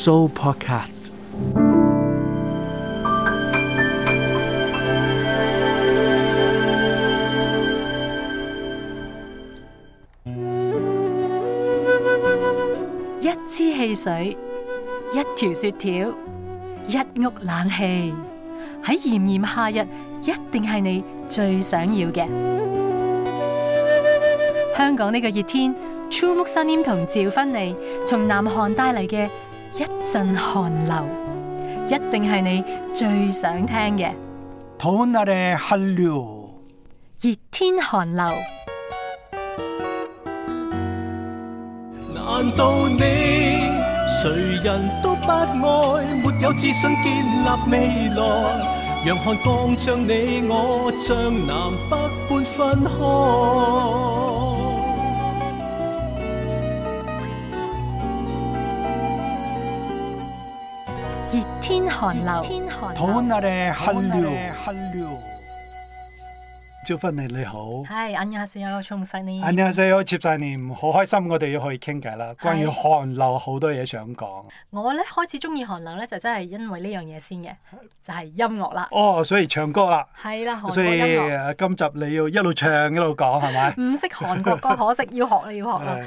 Show podcast。一支汽水，一條雪條，一屋冷氣，喺炎炎夏日，一定係你最想要嘅。香港呢個熱天，True 木森煙同趙芬妮從南韓帶嚟嘅。一陣寒流，一定係你最想聽嘅。凍那裏寒流，熱天寒流。難道你誰人都不愛？沒有自信建立未來，讓寒光將你我將南北半分開。天天韓流，好耐韓流，好耐韓流。趙芬妮你好，係阿耶四幺重晒年，阿耶四幺接晒年，好開心，我哋要去傾偈啦。關於韓流好多嘢想講。是我咧開始中意韓流咧，就真係因為呢樣嘢先嘅，就係、是、音樂啦。哦，所以唱歌啦。係啦，所以、呃、今集你要一路唱一路講，係咪？唔 識韓國歌，可惜要學要學啦。要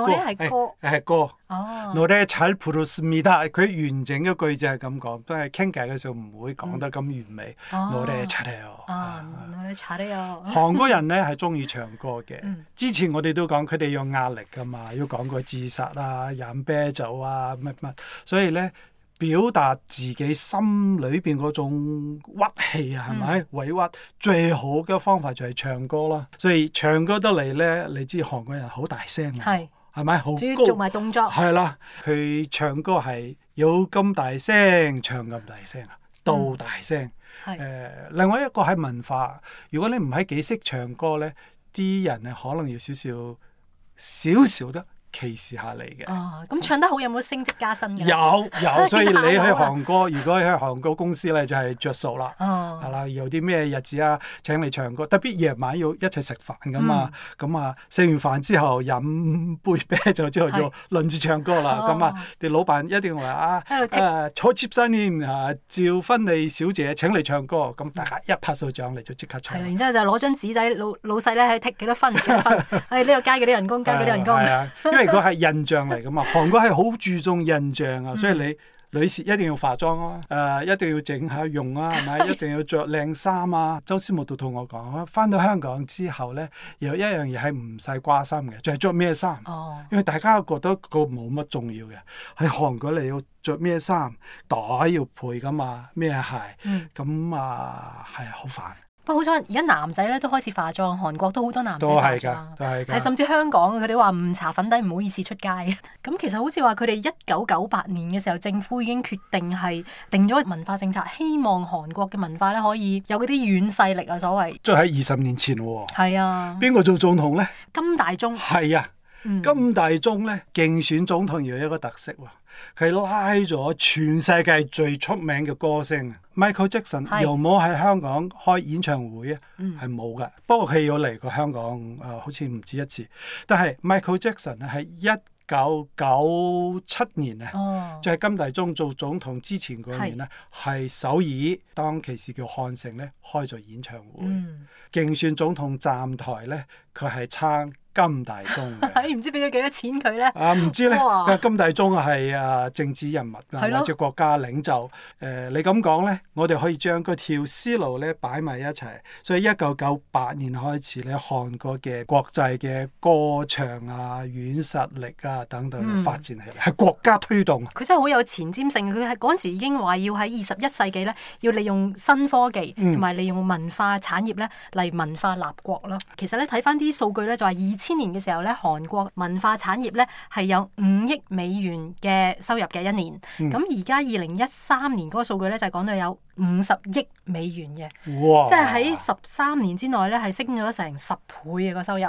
我哋係歌，誒歌，我哋喺普羅斯密達，佢完整嘅句子係咁講，都係傾偈嘅時候唔會講得咁完美。我哋喺出嚟哦，我哋喺出嚟哦。韓國人咧係中意唱歌嘅，之前我哋都講佢哋有壓力㗎嘛，要講個自殺啊，飲啤酒啊，乜乜，所以咧表達自己心裏邊嗰種屈氣啊，係咪、mm. 委屈？最好嘅方法就係唱歌啦，所以唱歌得嚟咧，你知韓國人好大聲啊。係咪好？主要做埋動作係啦，佢唱歌係有咁大聲，唱咁大聲啊，到大聲。誒、嗯呃，另外一個係文化。如果你唔係幾識唱歌咧，啲人係可能要少少少少得。歧視下你嘅哦，咁唱得好有冇升職加薪嘅？有有，所以你去韓國，如果去韓國公司咧就係着數啦。哦，係啦，有啲咩日子啊請你唱歌，特別夜晚要一齊食飯嘅嘛。咁啊，食完飯之後飲杯啤酒之後要輪住唱歌啦。咁啊，你老闆一定話啊啊坐貼身添啊，趙芬利小姐請你唱歌。咁大家一拍手掌你就即刻唱。然之後就攞張紙仔，老老細咧喺剔幾多分喺呢度加幾多人工？加幾多人工？個係 印象嚟噶嘛，韓國係好注重印象啊，所以你女士一定要化妝啊，誒、呃、一定要整下容啊，係咪？ 一定要着靚衫啊。周思木都同我講，翻到香港之後咧，有一樣嘢係唔使掛衫嘅，就係着咩衫。哦、因為大家都覺得個冇乜重要嘅。喺韓國你要着咩衫，袋要配噶嘛，咩鞋，咁、嗯、啊係好煩。不過好彩而家男仔咧都開始化妝，韓國都好多男仔化妝都係㗎，甚至香港，佢哋話唔搽粉底唔好意思出街。咁 其實好似話佢哋一九九八年嘅時候，政府已經決定係定咗文化政策，希望韓國嘅文化咧可以有嗰啲軟勢力啊，所謂。即係喺二十年前喎、哦。係啊。邊個做總統咧？金大中。係啊。金大中咧競選總統又有一個特色喎，佢拉咗全世界最出名嘅歌星 Michael Jackson 有冇喺香港開演唱會啊，係冇㗎。不過佢有嚟過香港啊、呃，好似唔止一次。但係 Michael Jackson 咧係一九九七年啊，哦、就係金大中做總統之前嗰年咧，係是首爾當其時叫漢城咧開咗演唱會，競、嗯、選總統站台咧佢係撐。金大中，唔 知俾咗幾多錢佢呢？啊，唔知呢？ 金大中係啊政治人物， 或者國家領袖。呃、你咁講呢，我哋可以將個條思路呢擺埋一齊。所以一九九八年開始呢，韓國嘅國際嘅歌唱啊、軟實力啊等等發展起嚟，係、嗯、國家推動。佢真係好有前瞻性，佢係嗰陣時已經話要喺二十一世紀呢，要利用新科技同埋、嗯、利用文化產業呢嚟文化立國咯。其實呢，睇翻啲數據呢，就係、是、以。千年嘅時候咧，韓國文化產業咧係有五億美元嘅收入嘅，一年。咁而家二零一三年嗰個數據咧就講到有五十億美元嘅，哇即係喺十三年之內咧係升咗成十倍嘅個收入，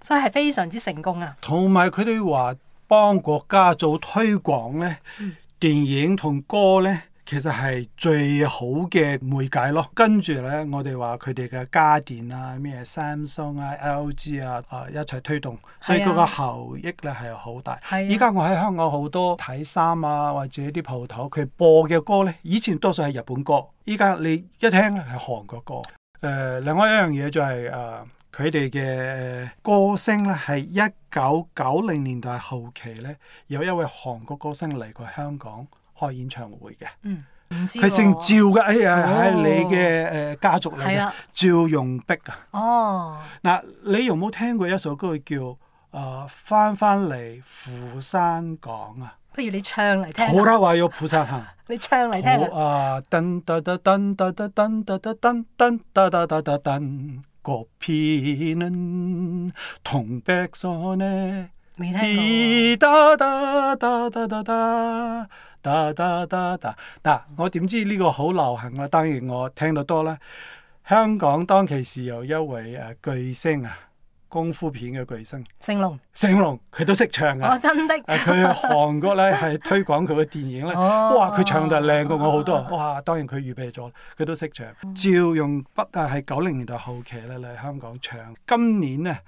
所以係非常之成功啊！同埋佢哋話幫國家做推廣咧，嗯、電影同歌咧。其實係最好嘅媒介咯，跟住咧，我哋話佢哋嘅家電啊，咩 Samsung 啊、LG 啊，啊一齊推動，所以嗰個效益咧係好大。依家、啊、我喺香港好多睇衫啊，或者啲鋪頭，佢播嘅歌咧，以前多數係日本歌，依家你一聽咧係韓國歌。誒、呃，另外一樣嘢就係、是、誒，佢哋嘅歌星咧，係一九九零年代後期咧，有一位韓國歌星嚟過香港。開演唱會嘅，佢姓趙嘅，喺喺你嘅誒家族嚟嘅，趙容碧啊。哦，嗱，你有冇聽過一首歌叫《誒翻返嚟釜山港》啊？不如你唱嚟聽。好得話要釜山行，你唱嚟聽。嗱嗱嗱嗱！嗱我點知呢個好流行啊？當然我聽得多啦。香港當其時有一位誒巨星啊，功夫片嘅巨星。成龍龍。成龍佢都識唱啊。哦，真的。佢喺韓國咧係 推廣佢嘅電影咧，哇！佢唱得靚過我好多。哇！當然佢預備咗，佢都識唱。趙容弼啊，係九零年代後期咧嚟香港唱。今年咧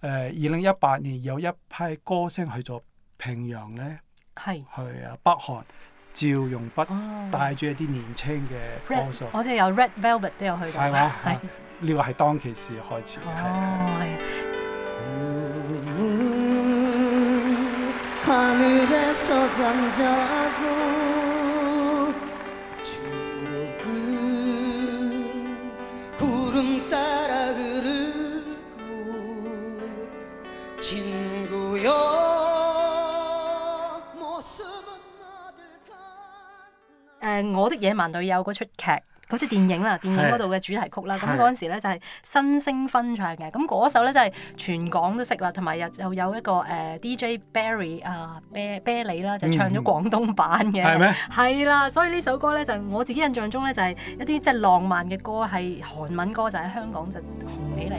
誒二零一八年有一批歌星去咗平壤咧。係，係啊！北韓趙容弼帶住一啲年青嘅歌手，Red, 我知有 Red Velvet 都有去過。係嘛？啊？係呢個係當其時開始係。誒我的野蠻女友嗰出劇好似電影啦，電影嗰度嘅主題曲啦，咁嗰陣時咧就係新星分唱嘅，咁嗰的首咧就係全港都識啦，同埋又又有一個誒 DJ Barry 啊、呃、啤啤梨啦，就是、唱咗廣東版嘅，係咩、嗯？係啦，所以呢首歌咧就我自己印象中咧就係一啲即係浪漫嘅歌，係韓文歌就喺、是、香港就紅起嚟。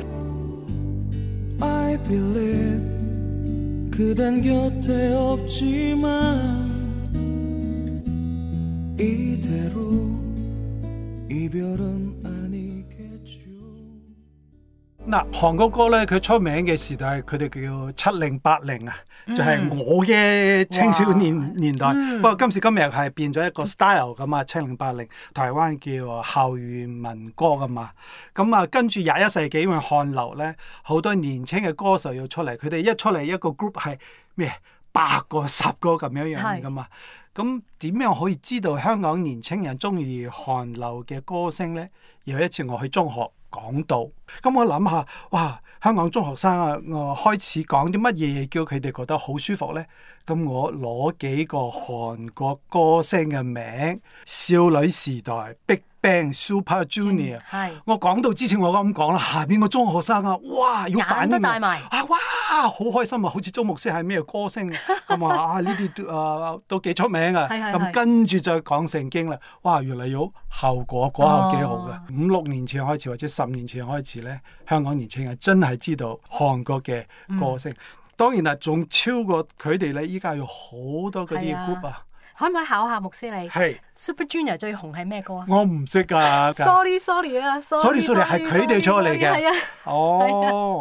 嗱，韓國歌咧佢出名嘅時代，佢哋叫七零八零啊，就係我嘅青少年哇年代。嗯、不過今時今日係變咗一個 style 噶嘛，七零八零台灣叫校園民歌噶嘛。咁、嗯、啊，嗯、跟住廿一世紀因為韓流咧，好多年輕嘅歌手要出嚟，佢哋一出嚟一個 group 係咩，八個十個咁樣樣噶嘛。咁點樣可以知道香港年輕人中意韓流嘅歌聲咧？有一次我去中學講到。咁、嗯、我諗下，哇！香港中學生啊，我開始講啲乜嘢叫佢哋覺得好舒服咧？咁、嗯、我攞幾個韓國歌星嘅名，少女時代、Big Bang、Super Junior，係、嗯。我講到之前我咁講啦，下邊個中學生啊，哇！要反應、啊、得應，啊哇！好開心啊，好似周牧師係咩歌星咁啊？ 嗯、啊呢啲都啊都幾出名啊，咁、 嗯嗯、跟住再講聖經啦，哇！原嚟有效果，果效幾好嘅，五六年前開始或者十年前開始。咧，香港年輕人真係知道韓國嘅歌星，當然啦，仲超過佢哋咧。依家有好多嗰啲 group 啊，可唔可以考下穆斯，你係 Super Junior 最紅係咩歌啊？我唔識㗎。Sorry，Sorry 啊，Sorry，Sorry，係佢哋出嚟嘅。係啊，哦，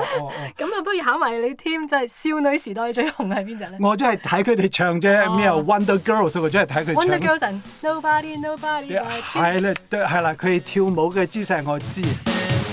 咁啊，不如考埋你 Team，即係少女時代最紅係邊隻咧？我真係睇佢哋唱啫，咩 Wonder Girls 我真係睇佢。Wonder Girls Nobody Nobody。係啦，對，係啦，佢跳舞嘅姿勢我知。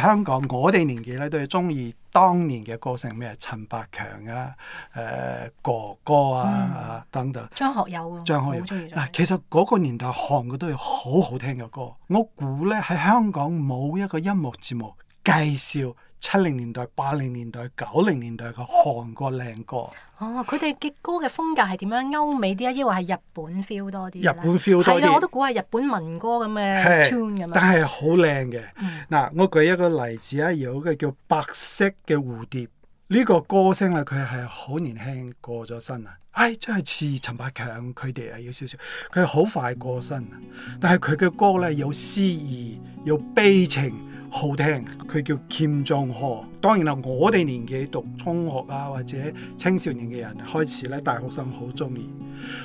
香港我哋年紀咧都係中意當年嘅歌星，咩陳百強啊、誒、呃、哥哥啊、嗯、等等，張學友啊、張學友。張學友，嗱，其實嗰個年代韓國都係好好聽嘅歌，我估咧喺香港冇一個音樂節目介紹。七零年代、八零年代、九零年代嘅韓國靚歌哦，佢哋嘅歌嘅風格係點樣？歐美啲啊，抑或係日本 feel 多啲？日本 feel 多啲，係啦，我都估係日本民歌咁嘅 tune 咁。但係好靚嘅，嗱、嗯，我舉一個例子啦，有個叫《白色嘅蝴蝶》呢、呢個歌星啊，佢係好年輕過咗身啊，唉、哎，真係似陳百強佢哋啊，有少少，佢好快過身，但係佢嘅歌咧有詩意，有悲情。好聽，佢叫欠賬河》。當然啦，我哋年紀讀中學啊，或者青少年嘅人開始咧，大學生好中意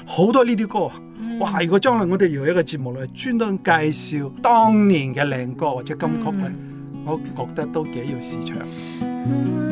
好多呢啲歌。嗯、哇，如果將來我哋要一個節目嚟專登介紹當年嘅靚歌或者金曲咧，嗯、我覺得都幾有市場。嗯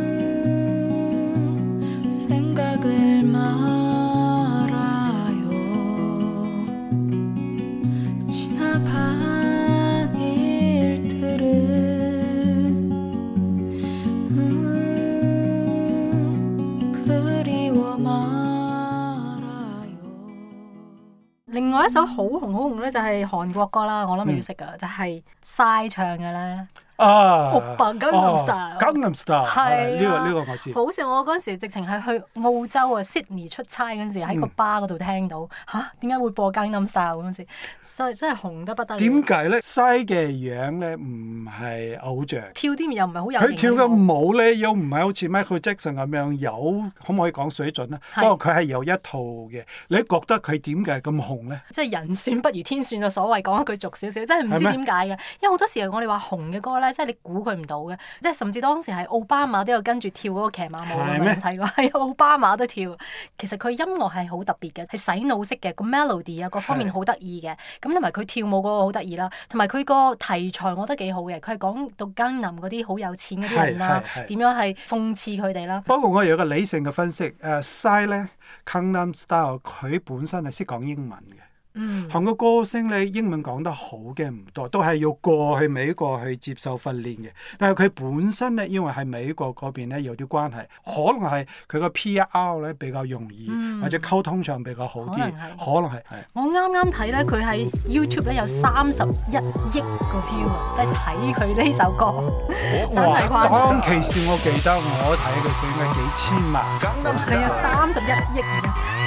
有一首好紅好紅咧，就係韓國歌啦，我諗你要識噶啦，就係晒唱噶啦。Uh, oh, 啊！哦、這個，Gangnam Style，Gangnam Style，係啊，呢個呢個我知。好似我嗰陣時直情係去澳洲啊 Sydney 出差嗰陣時，喺、嗯、個 bar 嗰度聽到吓，點、啊、解會播 Gangnam Style 咁樣先？真真係紅得不得了。點解咧？西嘅樣咧唔係偶像，跳啲又唔係好有型。佢跳嘅舞咧又唔係好似 Michael Jackson 咁樣有，可唔可以講水準咧？是不過佢係有一套嘅。你覺得佢點解咁紅咧？即係人算不如天算啊！所謂講一句俗少少，真係唔知點解嘅。嗎因為好多時候我哋話紅嘅歌咧。即係你估佢唔到嘅，即係甚至當時係奧巴馬都有跟住跳嗰個騎馬舞嘅問題喎，係奧嗎 巴馬都跳。其實佢音樂係好特別嘅，係洗腦式嘅個 melody 啊，mel 各方面好得意嘅。咁同埋佢跳舞嗰個好得意啦，同埋佢個題材我覺得幾好嘅，佢係講到江南嗰啲好有錢嗰啲人啦、啊，點樣係諷刺佢哋啦。不過我有個理性嘅分析，s 誒，e 咧，江、啊、南 style 佢本身係識講英文嘅。嗯、韓國歌星咧，英文講得好嘅唔多，都係要過去美國去接受訓練嘅。但係佢本身咧，因為喺美國嗰邊咧有啲關係，可能係佢個 P.R. 咧比較容易，嗯、或者溝通上比較好啲，可能係。我啱啱睇咧，佢喺 YouTube 咧有三十一億個 view，即係睇佢呢首歌，真係啱。當其時哇我記得我睇佢先係幾千萬，你哇時有三十一億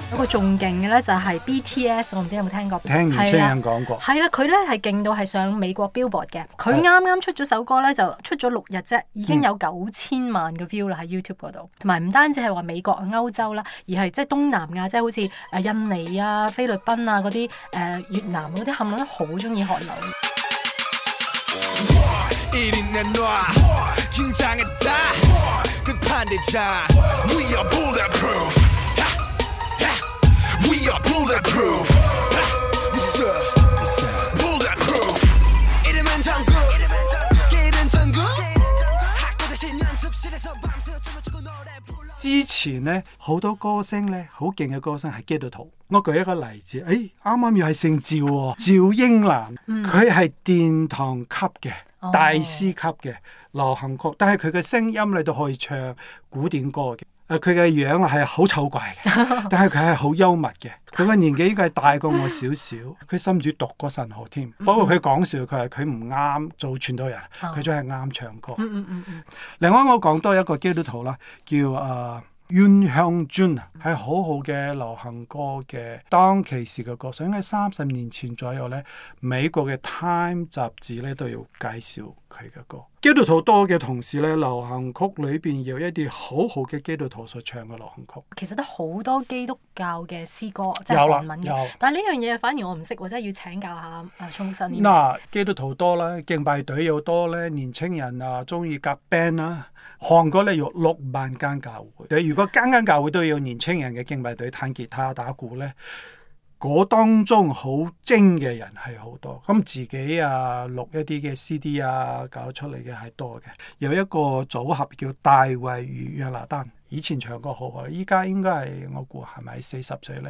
一個仲勁嘅咧就係 BTS，我唔知你有冇聽過，聽過聽講過，係啦，佢咧係勁到係上美國 Billboard 嘅，佢啱啱出咗首歌咧就出咗六日啫，已經有九千萬嘅 view 啦喺 YouTube 嗰度，同埋唔單止係話美國、歐洲啦，而係即係東南亞，即係好似誒印尼啊、菲律賓啊嗰啲誒越南嗰啲，冚唪唥都好中意韓流。前咧好多歌星咧好勁嘅歌星係基督徒，我舉一個例子，誒啱啱又係姓趙喎，趙英南，佢係殿堂級嘅大師級嘅流行曲，但係佢嘅聲音你都可以唱古典歌嘅，誒佢嘅樣係好醜怪嘅，但係佢係好幽默嘅，佢嘅年紀應該係大過我少少，佢甚至讀過神學添。不過佢講笑，佢係佢唔啱做傳道人，佢仲係啱唱歌。嗯嗯嗯另外我講多一個基督徒啦，叫啊，《冤向尊》啊，係、mm hmm. 好好嘅流行歌嘅當其時嘅歌，所以喺三十年前左右咧，美國嘅《Time》雜誌咧都要介紹佢嘅歌。基督徒多嘅同時咧，流行曲裏邊有一啲好好嘅基督徒所唱嘅流行曲。其實都好多基督教嘅詩歌，即係了文文嘅。有但係呢樣嘢反而我唔識，或者要請教下啊，聰新。嗱，基督徒多啦，敬拜隊又多咧，年青人啊，中意夾 band 啦。韓國咧有六萬間教會，如果間間教會都要年青人嘅敬拜隊彈吉他打鼓咧。嗰當中好精嘅人係好多，咁自己啊錄一啲嘅 CD 啊，搞出嚟嘅係多嘅。有一個組合叫大衛與約拿丹，以前唱歌好，依家應該係我估係咪四十歲呢？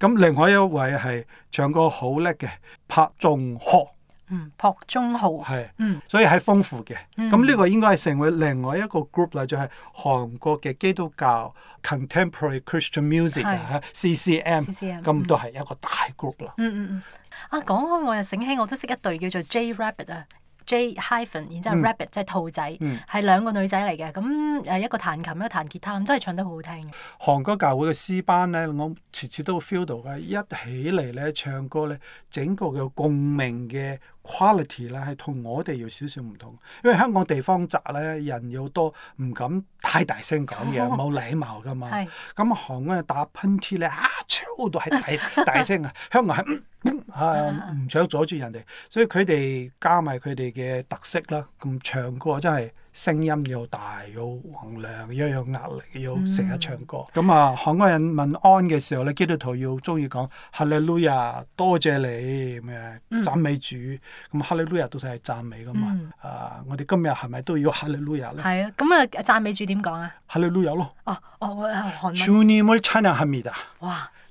咁另外一位係唱歌好叻嘅柏仲河。嗯，朴忠浩，係是，嗯，所以係豐富嘅，咁呢、嗯、個應該係成為另外一個 group 啦，就係、是、韓國嘅基督教 contemporary Christian music CCM 咁都係一個大 group 啦、嗯。嗯嗯嗯，啊講開我又醒起，我都識一隊叫做 J Rabbit 啊。J-hyphen，然之後 Rabbit、嗯、即係兔仔，係兩、嗯、個女仔嚟嘅，咁誒一個彈琴，一個彈吉他，咁都係唱得好好聽嘅。韓國教會嘅詩班咧，我次次都 feel 到嘅，一起嚟咧唱歌咧，整個嘅共鳴嘅 quality 咧，係同我哋有少少唔同。因為香港地方窄咧，人又多，唔敢太大聲講嘢，冇禮、哦、貌噶嘛。咁韓是國人打噴嚏咧，啊！嗰度係大大聲呀， 香港係唔唔想阻住人哋，所以佢哋加埋佢哋嘅特色啦。咁唱歌真係聲音要大要宏亮，要有壓力，要成日唱歌。咁、嗯、啊，韓國人問安嘅時候咧，基督徒要中意講哈利路亞，Hallelujah! 多謝你，咩讚美主。咁、嗯、哈利路亞到時係讚美噶嘛？啊，嗯、我哋今日係咪都要哈利路亞咧？係啊，咁啊讚美主點講啊？哈利路亞咯！哦哦，韓文。主你萬千樣下面的。哇！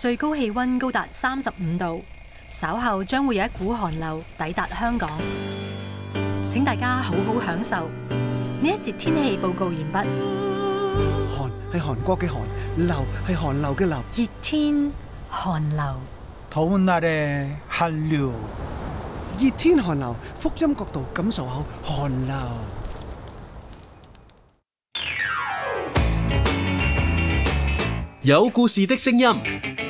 最高氣溫高達三十五度，稍後將會有一股寒流抵達香港，請大家好好享受呢一節天氣報告完畢。寒係韓國嘅寒，流係寒流嘅流，熱天寒流。土那咧寒流，熱天寒流，福音角度感受下寒流。有故事嘅聲音。